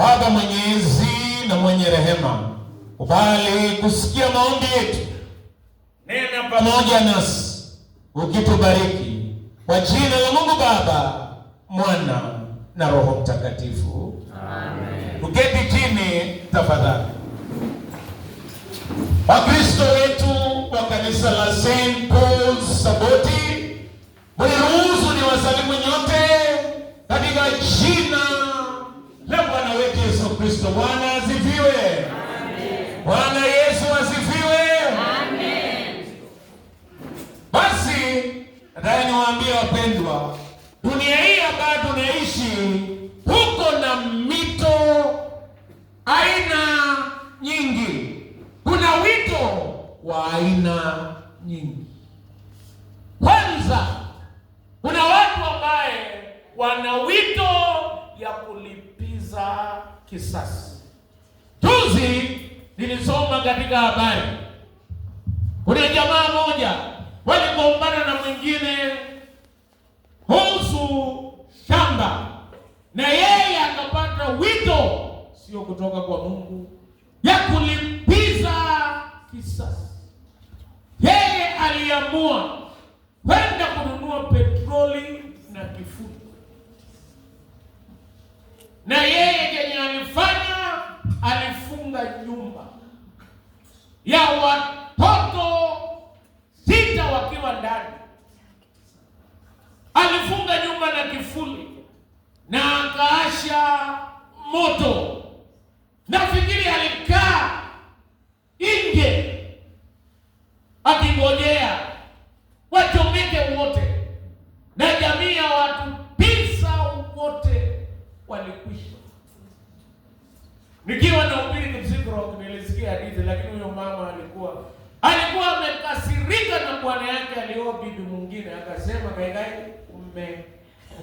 Baba mwenyezi na mwenye rehema, ubali kusikia maombi yetu, nena pamoja nasi ukitubariki, kwa jina la Mungu Baba, Mwana na Roho Mtakatifu, amen. Uketi chini tafadhali. Wakristo wetu wa kanisa la St. Paul Saboti, mniruhusu ni wasalimu nyote katika jina la Bwana wetu Kristo. Bwana asifiwe. Bwana Yesu asifiwe. Amen. Basi nataka niwaambie wapendwa, dunia hii ambayo tunaishi huko na mito aina nyingi, kuna wito wa aina nyingi. Kwanza kuna watu ambaye wana wito ya kulipiza kisasi. Juzi nilisoma katika habari, kuna jamaa moja waligombana na mwingine kuhusu shamba, na yeye akapata wito sio kutoka kwa Mungu ya kulipiza kisasi. Yeye aliamua kwenda kununua petroli na kifuta na yeye yenye alifanya alifunga nyumba ya watoto sita wakiwa ndani, alifunga nyumba na kifuli na akaasha moto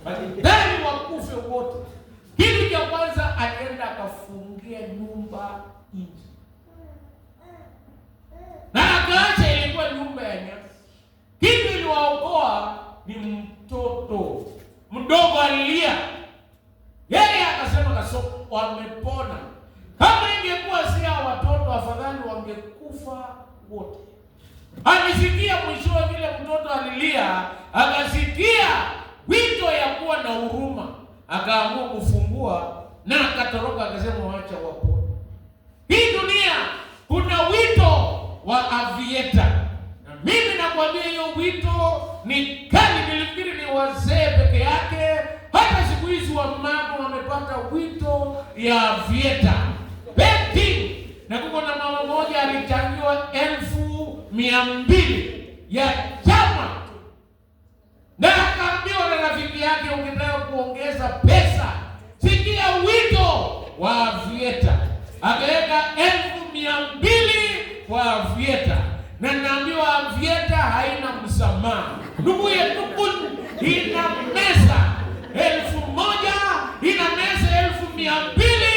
bali wakufe wote. Kitu cha kwanza akaenda akafungia nyumba nje, na akaacha ilikuwa nyumba ya nyasi. Kitu iliwaokoa ni mtoto mdogo alilia, yeye akasema kaso wamepona. Kama ingekuwa si hao watoto, afadhali wangekufa wote. Alisikia wa vile mtoto alilia, akasikia na huruma, akaamua kufungua na akatoroka, akasema wacha wapone. Hii dunia kuna wito wa avieta, na mimi nakwambia hiyo wito ni kali. Nilifikiri ni wazee peke yake, hata siku hizi mama wamepata wito ya avieta beti, na kuko na mama moja alichangiwa elfu mia mbili ya chama na akaambiwa na rafiki yake, ukitaka kuongeza pesa sikia wito wa Avieta, akaweka elfu mia mbili kwa Avieta na naambiwa Avieta haina msamaha ndugu yetu, ina meza elfu moja ina meza elfu mia mbili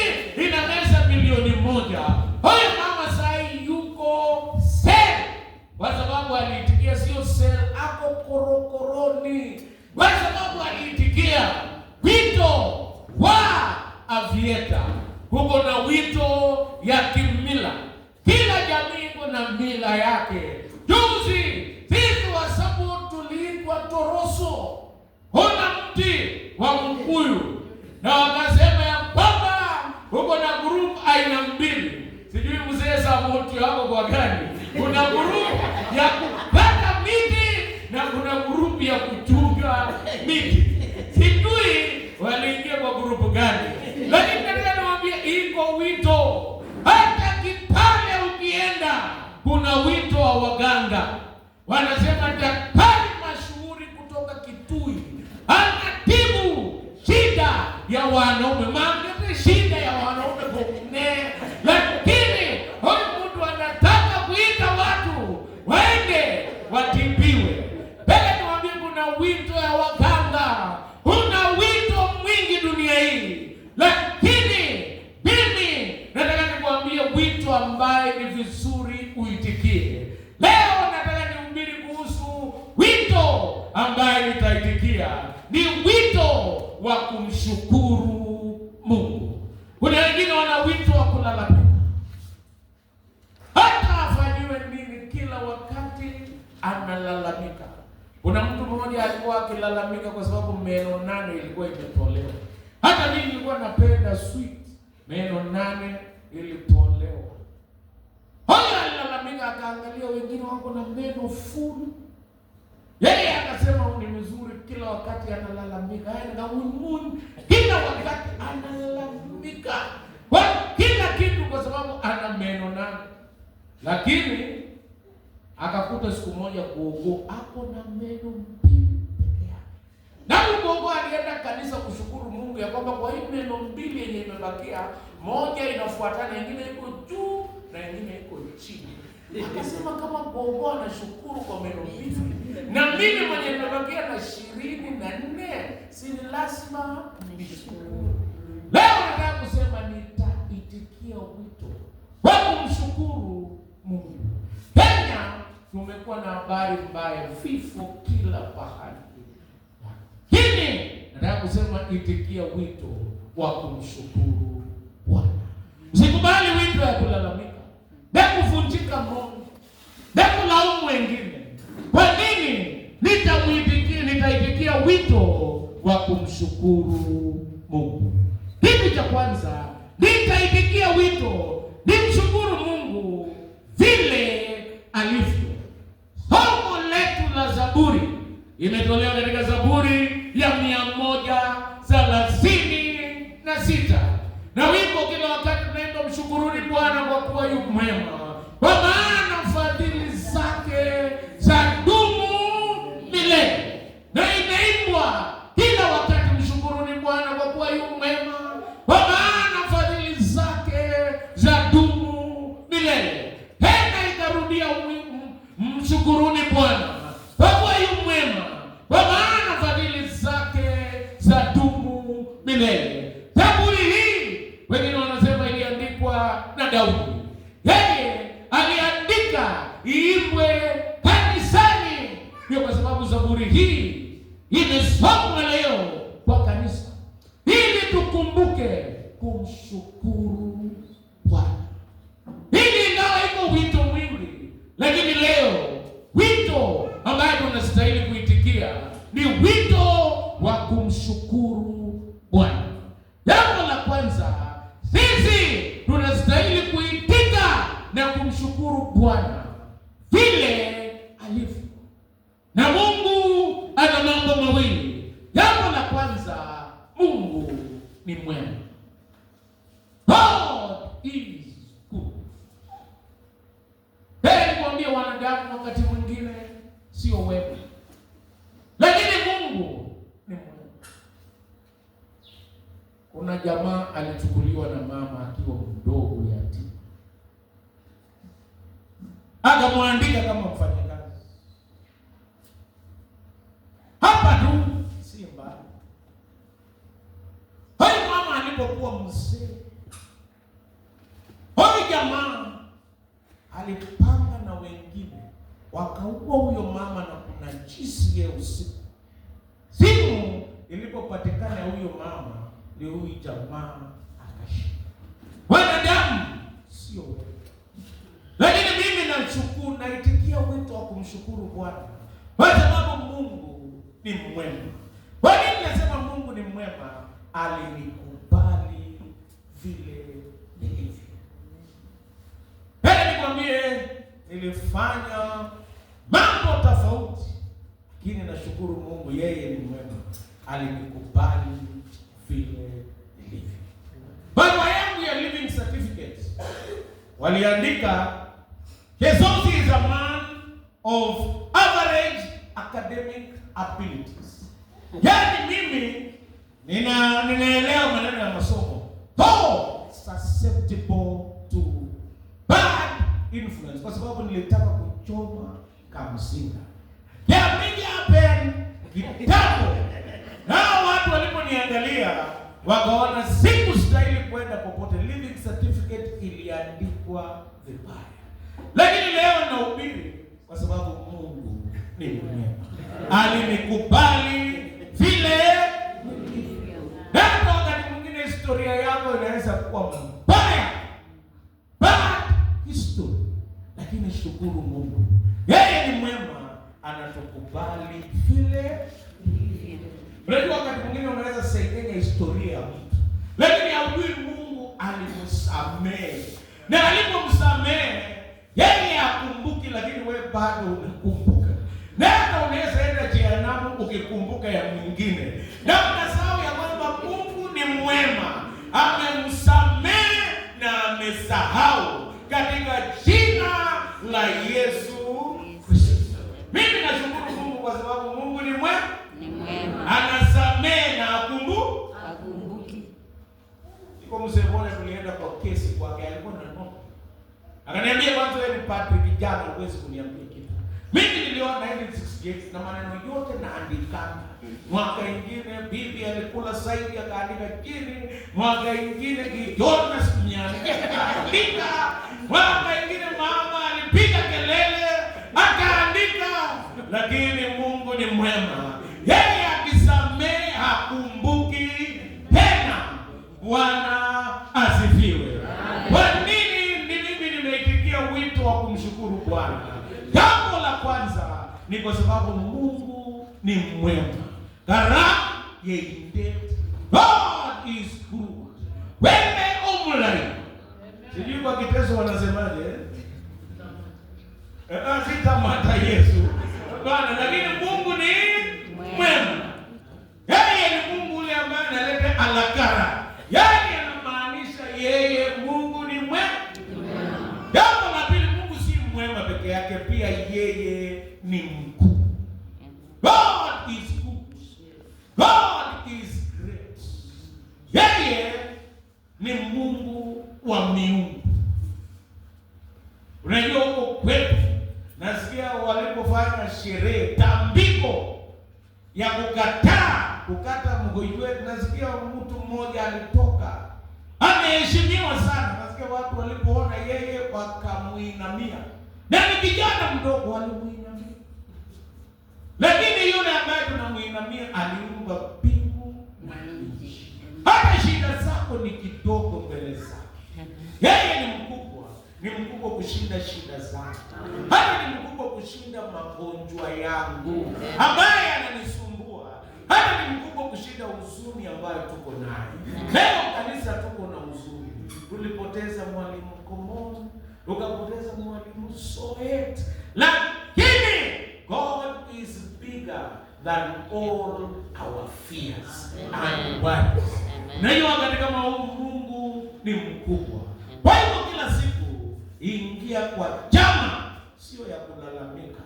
ya wanaume. sweet. meno nane ilipolewa. Haya, alilalamika akaangalia wengine wako na meno fulu, yeye akasema ni mzuri, kila wakati analalamika, anaumuni, yaani kila wakati analalamika kwa kila kitu, kwa sababu ana meno nane, lakini akakuta siku moja kuogoa ako na meno Naye Mungu alienda kanisa kushukuru Mungu ya kwamba kwa hii neno mbili yenye imebakia, moja inafuatana, ingine iko juu na ingine iko chini. Akasema kama Gogo anashukuru kwa meno mbili na mimi mwenye imebakia na ishirini na nne, si ni lazima nishukuru. Leo nataka kusema nitaitikia wito wa kumshukuru Mungu. Kenya tumekuwa na habari mbaya, vifo kila pahali hili nataka kusema, itikia wito wa kumshukuru Bwana. Usikubali wito ya kulalamika, bekuvunjika moyo, bekulaumu wengine. Kwa nini? Nitamuitikia, nitaitikia wito wa kumshukuru Mungu. Kitu cha kwanza nitaitikia wito is good. Heri kuambia wanadamu wakati mwingine sio wewe, lakini Mungu ni mwema. Kuna jamaa alichukuliwa na mama akiwa mdogo yatima, akamwandika kama mfanyakazi hapa tu, si mbali. Hayo mama alipokuwa mzee jamaa alipanga na wengine wakaua huyo mama na kunajisi ye usiku. Simu ilipopatikana huyo mama, ni huyu jamaa akashika. Wanadamu sio lakini mimi namshukuru, naitikia wito wa kumshukuru Bwana kwa sababu Mungu ni mwema. Kwa nini nasema Mungu ni mwema? Alinikubali vile nilivyo mwenyewe nilifanya mambo tofauti, lakini nashukuru Mungu, yeye ni mwema, alinikubali vile nilivyo. Barua yangu ya living certificate waliandika, Jesus is a man of average academic abilities. Yaani mimi nina ninaelewa maneno ya masomo, oh susceptible influence kwa sababu nilitaka kuchoma kamsinga. There big happen kitabu. Nao watu waliponiangalia wakaona siku stahili kwenda popote. Living certificate iliandikwa vibaya, lakini leo ninahubiri kwa sababu Mungu ni mwema, alinikubali vile. Wakati mwingine historia yako inaweza kuwa mbaya vizuri, lakini shukuru Mungu, yeye ni mwema, anatukubali vile Unajua, wakati mwingine unaweza saidia historia ya mtu, lakini hajui Mungu alimsamehe, na alipomsamehe yeye akumbuki lakini wewe bado unakumbuka, na hata unaweza enda jehanamu ukikumbuka ya mwingine, na unasahau ya kwamba Mungu ni mwema, amemsamehe na amesahau anasamehe na akumbu akumbuki. Niko mzee mmoja tulienda kwa kesi kwake, alikuwa na ng'ombe, akaniambia kwanza, wewe ni padri kijana, huwezi kuniambia kitu. Mimi niliona hivi 68 na maneno yote naandikana. Mwaka ingine bibi alikula saidi akaandika chini, mwaka ingine kijona sikunyandika akaandika, mwaka ingine mama alipiga kelele akaandika, lakini Mungu ni mwema. Bwana asifiwe. Kwa nini ni mimi nimeitikia wito wa kumshukuru Bwana? Jambo la kwanza ni kwa sababu Mungu ni mwema. Kara yeinde God is good. Wewe umulai. Sijui kwa Kiteso wanasemaje? Eh, ah, sita mata Yesu. Bwana, lakini Mungu ni Yeah! kijana mdogo alimuinamia, lakini yule ambaye tunamuinamia aliumba mbingu na nchi. Hata shida zako ni kidogo mbele zake. Yeye ni mkubwa, ni mkubwa kushinda shida zako, hata ni mkubwa kushinda magonjwa yangu ambaye ananisumbua, hata ni mkubwa kushinda huzuni ambayo tuko nayo leo. Kanisa tuko na huzuni, tulipoteza mwalimu Komono ukapoteza mwalimu so it. Lakini God is bigger than all our fears and worries. Na hiyo wakati kama huu Mungu ni mkubwa. Kwa hivyo kila siku ingia kwa chama sio ya kulalamika,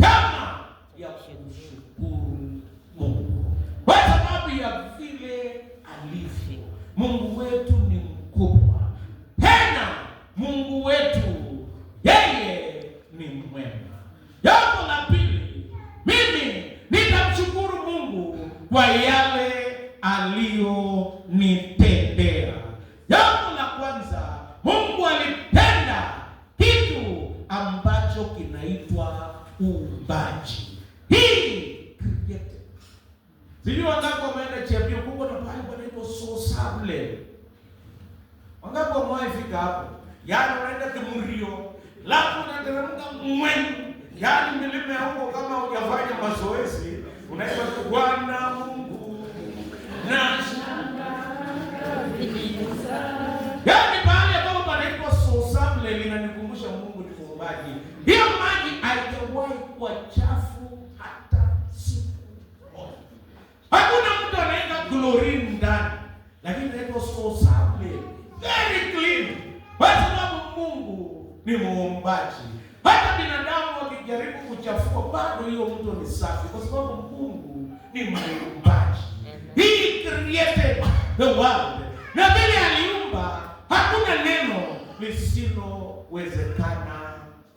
chama ya kumshukuru Mungu kwa sababu ya vile alivyo. Mungu wetu ni mkubwa tena Mungu wetu yeye ni mwema. Jambo la pili, mimi nitamshukuru Mungu kwa yale ni ni muombaji. Hata binadamu wakijaribu kuchafua, bado hiyo mtu ni safi, kwa sababu Mungu ni muumbaji. He created the world, na vile aliumba hakuna neno lisilowezekana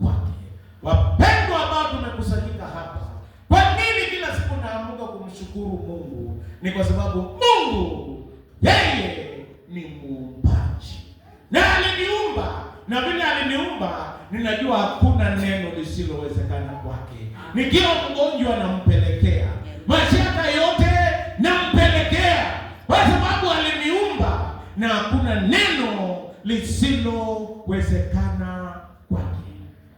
kwake. Wapendwa ambao tumekusanyika hapa, kwa nini kila siku naamuka kumshukuru Mungu? Ni kwa sababu Mungu yeye ni muumbaji na aliniumba na vile aliniumba, ninajua hakuna neno lisilowezekana kwake. Nikiwa mgonjwa nampelekea mashaka yote, nampelekea kwa sababu aliniumba, na hakuna neno lisilowezekana kwake.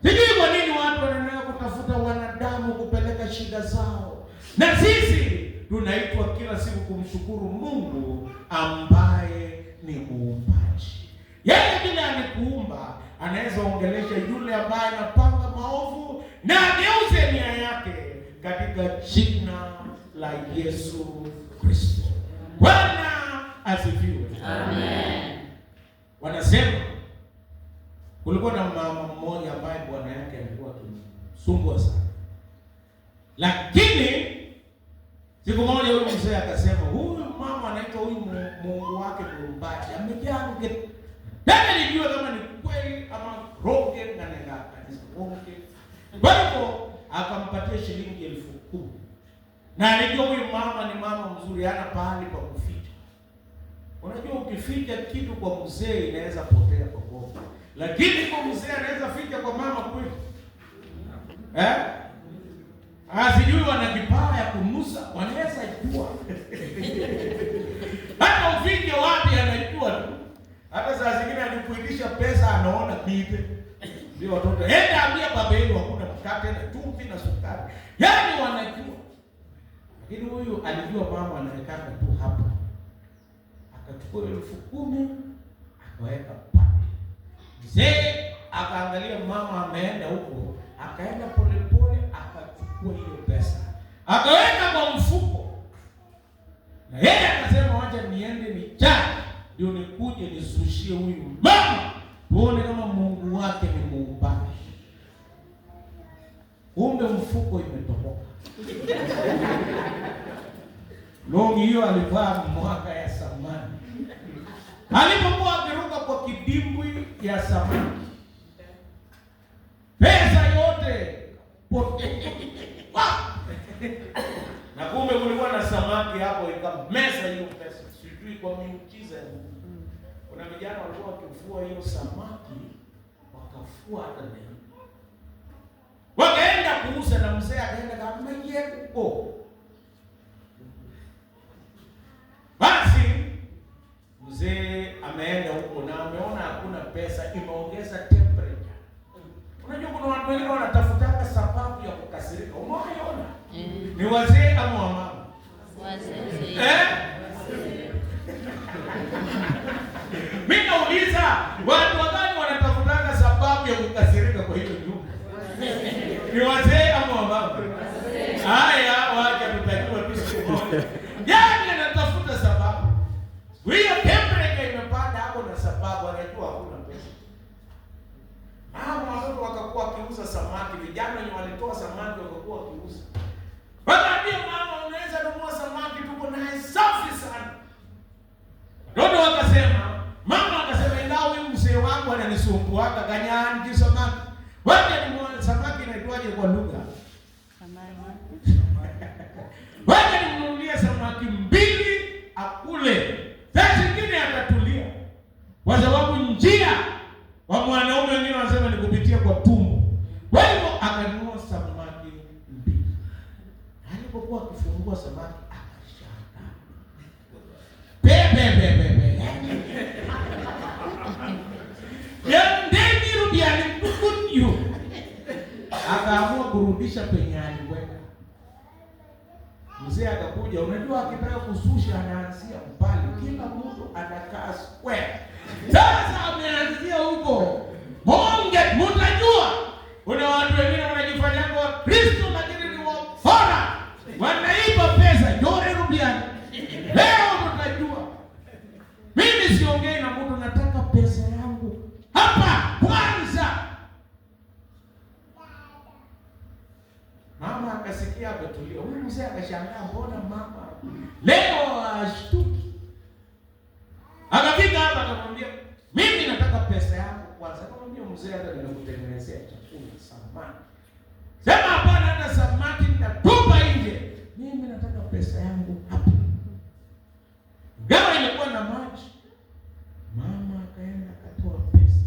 Sijui kwa nini watu wanaendelea kutafuta wanadamu kupeleka shida zao, na sisi tunaitwa kila siku kumshukuru Mungu ambaye ni muumbaji. Yeye vile alikuumba anaweza ongelesha yule ambaye anapanga maovu na ageuze nia yake katika jina la Yesu Kristo. Bwana asifiwe. Amen. Wanasema kulikuwa na mama mmoja ambaye bwana yake alikuwa akimsumbua sana, lakini siku moja huyu mzee akasema, huyu mama anaitwa huyu mungu wake muumbaji amejaa mimi nijua kama ni kweli ama roge ndani ya kanisa bonge. Kwa hivyo akampatia shilingi elfu kumi. Na alijua huyu mama ni mama mzuri, hana pahali pa kuficha. Unajua ukificha kitu kwa mzee inaweza potea kwa bonge. Lakini kwa mzee anaweza ficha kwa mama kweli. Eh? Ah, sijui wana kipawa ya kunusa, wanaweza jua. Hata ufike wapi ana hata saa zingine alikuitisha pesa anaona kipe. Ndio watoto. Henda ambia baba yenu hakuna mkate na chumvi na sukari. Yaani wanajua. Lakini huyu alijua mama anawekanga tu hapa. Akachukua elfu kumi akaweka pale. Mzee akaangalia mama ameenda huko, akaenda polepole akachukua hiyo pesa. Akaweka kwa mfuko. Na yeye akasema wacha niende nichaje ndio nikuje nisushie huyu mama, tuone kama Mungu wake ni muumbaji. Kumbe mfuko imetoboka. Longi hiyo alivaa mwaka ya samani, alipokuwa akiruka kwa kidimbwi ya samani vijana walikuwa wakifua hiyo samaki, wakafua hata bei, wakaenda kuuza, na mzee akaenda kama huko basi mzee ameenda huko na ameona hakuna pesa, imeongeza temperature. Unajua kuna watu wengine wanatafutaka sababu ya kukasirika. Umeona mm. ni wazee ama wamama? Wazee eh? Mimi nauliza watu wagani wanatafutanga sababu ya kukasirika kwa hiyo nyumba? Ni wazee ama wababa? Haya, wacha tutajua tu siku moja. Yaani anatafuta sababu. Hiyo temperature imepanda hapo na sababu anajua hakuna pesa. Mama watoto wakakuwa wakiuza samaki, vijana wenye walitoa samaki wakakuwa wakiuza. Wakaambia mama, unaweza kununua samaki tuko naye safi sana. Ndio wakasema sumbuaka ganyaan ji samaki. ni mwana samaki inaitwaje kwa lugha. ni nimuulie samaki mbili akule. Sasa nyingine atatulia. Kwa sababu njia wa mwanaume wengine wanasema ni kupitia kwa tumbo. Kwa hivyo akanunua samaki mbili. Alipokuwa akifungua samaki akashanga. Pepe pepe. kumrudisha penye alikwenda. Mzee akakuja, unajua akitaka kususha anaanzia mbali, kila mtu anakaa square pesa yangu hapa. Gawa ilikuwa na maji, mama akaenda akatoa pesa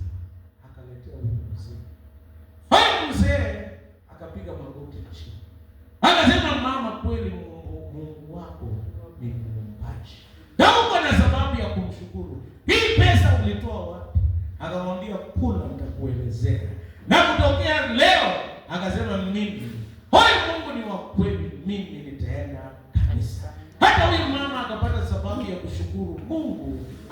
akaletea huyu mzee. Huyu mzee akapiga magoti chini akasema, mama, kweli Mungu wako ni muumbaji na uko na sababu ya kumshukuru. Hii pesa ulitoa wapi? Akamwambia, kula, nitakuelezea. Na kutokea leo akasema mimi por Mongo.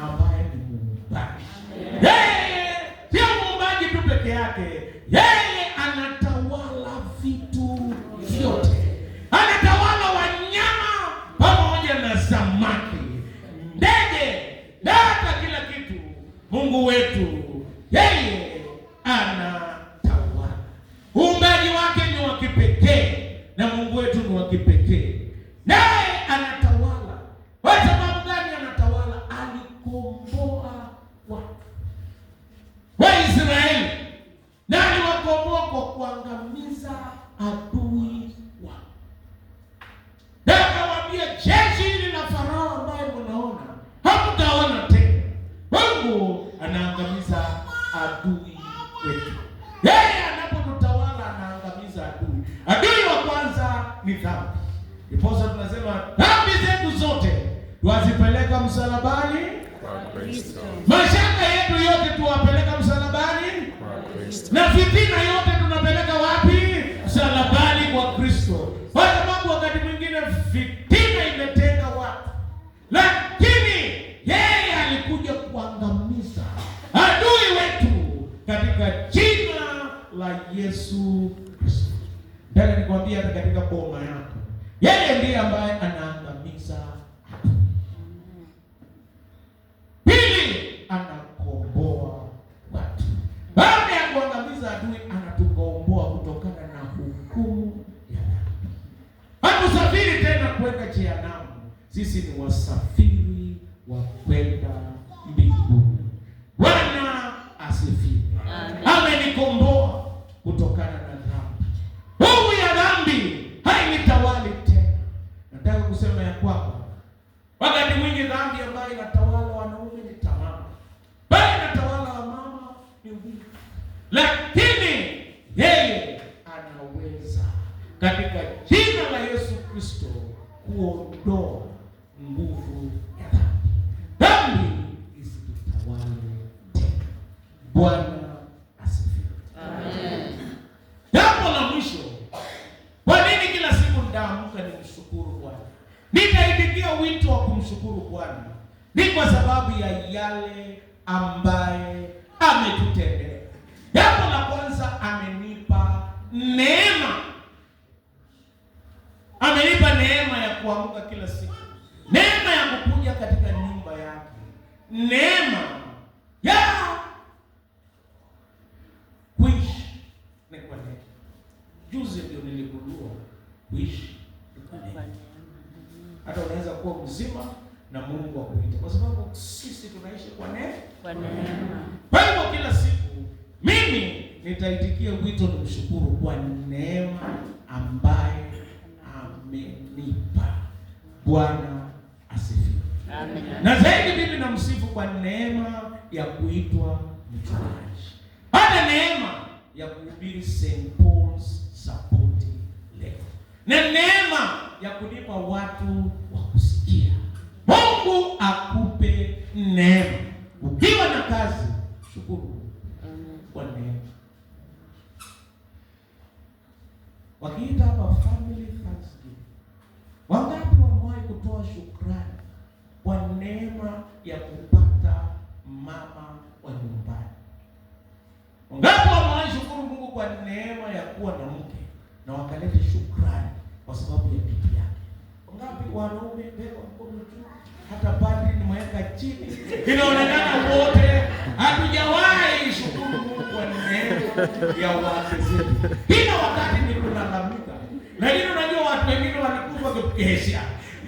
Yesu Kristo. Nataka hata katika boma yako, yeye ndiye ambaye anaangamiza Pili, anakomboa watu. Baada ya kuangamiza adui, anatukomboa kutokana na hukumu ya dhambi. Hatusafiri tena kwenda jehanamu, sisi ni wasafiri wa kwenda katika jina la Yesu Kristo kuondoa nguvu ya dhambi, dhambi isitutawale tena. Bwana asifiwe, amen. Jambo la mwisho, kwa nini kila siku ni nimshukuru Bwana, nitaitikia wito wa kumshukuru Bwana? Ni kwa sababu ya yale ambayo kwa hivyo kila siku mimi nitaitikia wito na mshukuru kwa neema ambaye amenipa. Bwana asifiwe. Na zaidi mimi namsifu kwa neema ya kuitwa mchungaji. baada neema ya kuhubiri St. Paul's Support Level. Na neema ya kunipa watu wa kusikia. Mungu akupe neema. Ukiwa na kazi, shukuru kwa neema. Wakiita hapa family thanksgiving, wangapi wamewahi kutoa shukrani kwa neema ya kupata mama wa nyumbani? Wangapi wamewahi shukuru Mungu kwa neema ya kuwa na mke na wakalete shukrani wanaume mbele wa mkono juu, hata padri nimeweka chini, inaonekana wote hatujawahi shukuru Mungu kwa neema ya wake zetu. Kila wakati ni kulalamika, lakini unajua watu wengine walikufa kukesha,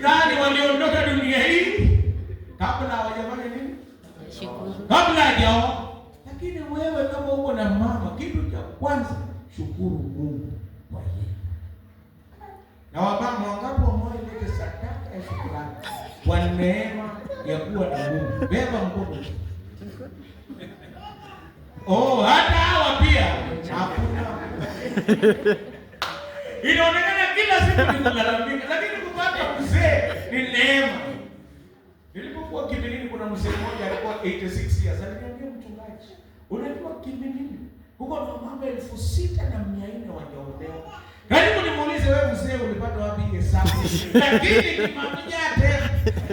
yaani waliondoka dunia hii kabla hawajafanya nini, kabla hajao. Lakini wewe kama uko na mama, kitu cha kwanza shukuru Mungu na wamama wangapo wamoja ndege sadaka ya shukrani kwa neema ya kuwa na nguvu. Beba nguvu. Oh, hata hawa pia hakuna. Inaonekana kila siku ni kulalamika, lakini kupata mzee ni neema. Nilipokuwa Kimilini kuna mzee mmoja alikuwa 86 years, aliniambia mchungaji, unajua Kimilini huko na mama elfu sita na mia nne wajaolewa karibu nimuulize wewe mzee, ulipata wapi hesabu? Lakini ni mamjate.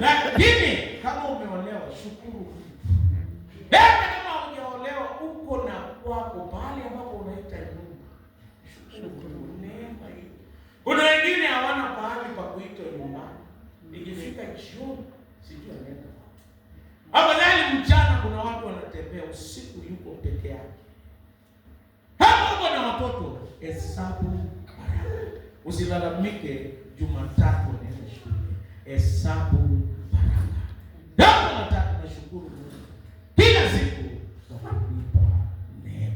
Lakini kama umeolewa shukuru. Hebu kama hujaolewa uko na kwako pale ambapo unaita nyumba. Shukuru neema hii. Kuna wengine hawana pahali pa kuita nyumba. Ikifika jioni sijui anaenda wapi. Afadhali mchana kuna watu wanatembea, usiku yuko peke yake. Hapo kuna watoto hesabu Usilalamike Jumatatu unaenda shule, hesabu baraka. Leo nataka nashukuru Mungu kila siku kwa kunipa neema.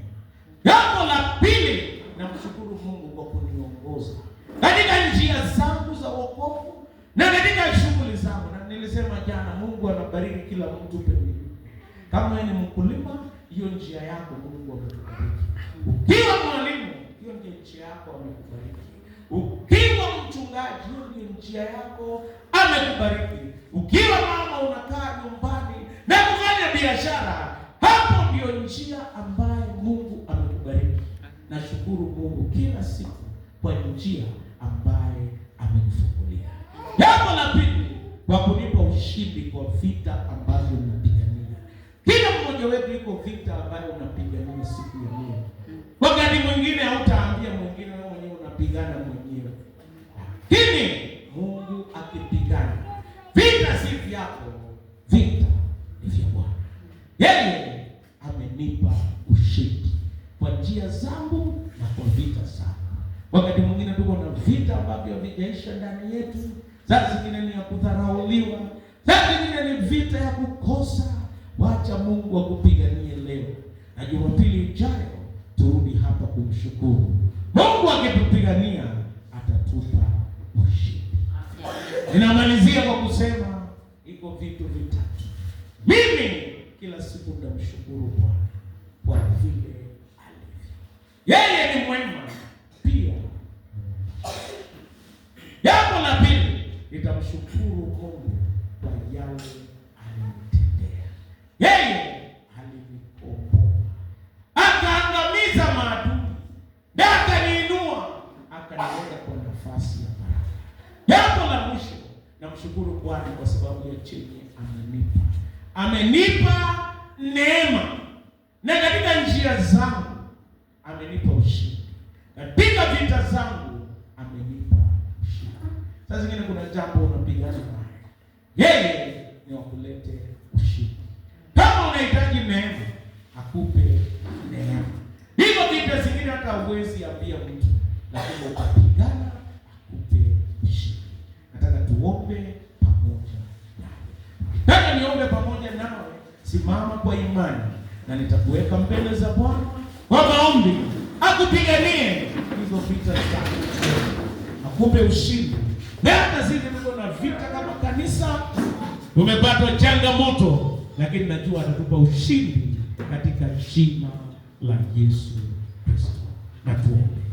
Jambo la pili, namshukuru Mungu kwa kuniongoza katika njia zangu za wokovu na katika shughuli zangu, na nilisema jana, Mungu anabariki kila mtu pembeni. Kama ni mkulima, hiyo njia yako Mungu amekubariki. Ukiwa mwalimu, hiyo ndio njia yako amekubariki. Ukiwa mchungaji, hiyo ni njia yako, amekubariki. Ukiwa mama unakaa nyumbani na kufanya biashara, hapo ndiyo njia ambayo Mungu amekubariki. Nashukuru Mungu kila siku kwa njia ambaye amenifungulia. Jambo la pili, kwa kunipa ushindi kwa vita ambazo unapigania. Kila mmoja wetu yuko vita ambayo unapigania siku ya leo. Wakati mwingine hautaambia mwingine unapigana mwenyewe, lakini Mungu akipigana vita si vyako, vita ni vya Bwana. Yeye amenipa ushindi kwa njia zangu na kwa vita zangu. Wakati mwingine tuko na vita ambavyo havijaisha ndani yetu, saa zingine ni ya kudharauliwa, saa zingine ni vita ya kukosa. Wacha Mungu akupiganie leo na Jumapili ijayo turudi hapa kumshukuru. Mungu akitupigania atatupa ushindi. Ninamalizia kwa kusema iko vitu vitatu mimi kila siku ndamshukuru Bwana kwa vile alivyo. Yeye ni mwema pia. Jambo la pili, nitamshukuru Mungu kwa yale aliyotendea yeye na akaniinua akaniweka kwa nafasi ya baraka. Jambo la mwisho, namshukuru Bwana kwa sababu ya chenye amenipa. Amenipa neema, na katika njia zangu amenipa ushindi, katika vita zangu amenipa ushindi. Sasa zingine kuna jambo unapigana naye, yeye ni wakulete ushindi. Kama unahitaji neema akupe kwa imani, na nitakuweka mbele za Bwana kwa maombi, akupiganie hizo vita zako, akupe ushindi. Nazidi niko na vita kama kanisa, umepata changamoto, lakini najua atatupa ushindi katika jina la Yesu Kristo. Natuombe.